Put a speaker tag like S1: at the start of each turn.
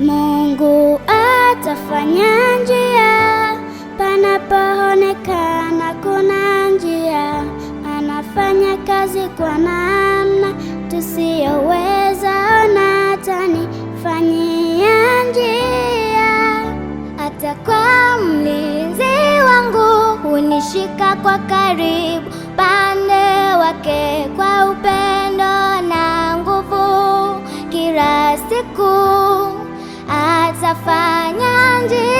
S1: Mungu atafanya njia panapoonekana kuna njia, anafanya kazi kwa namna tusiyoweza ona. Atanifanyia njia,
S2: atakuwa mlinzi wangu, hunishika kwa karibu, pande wake kwa upendo utafanya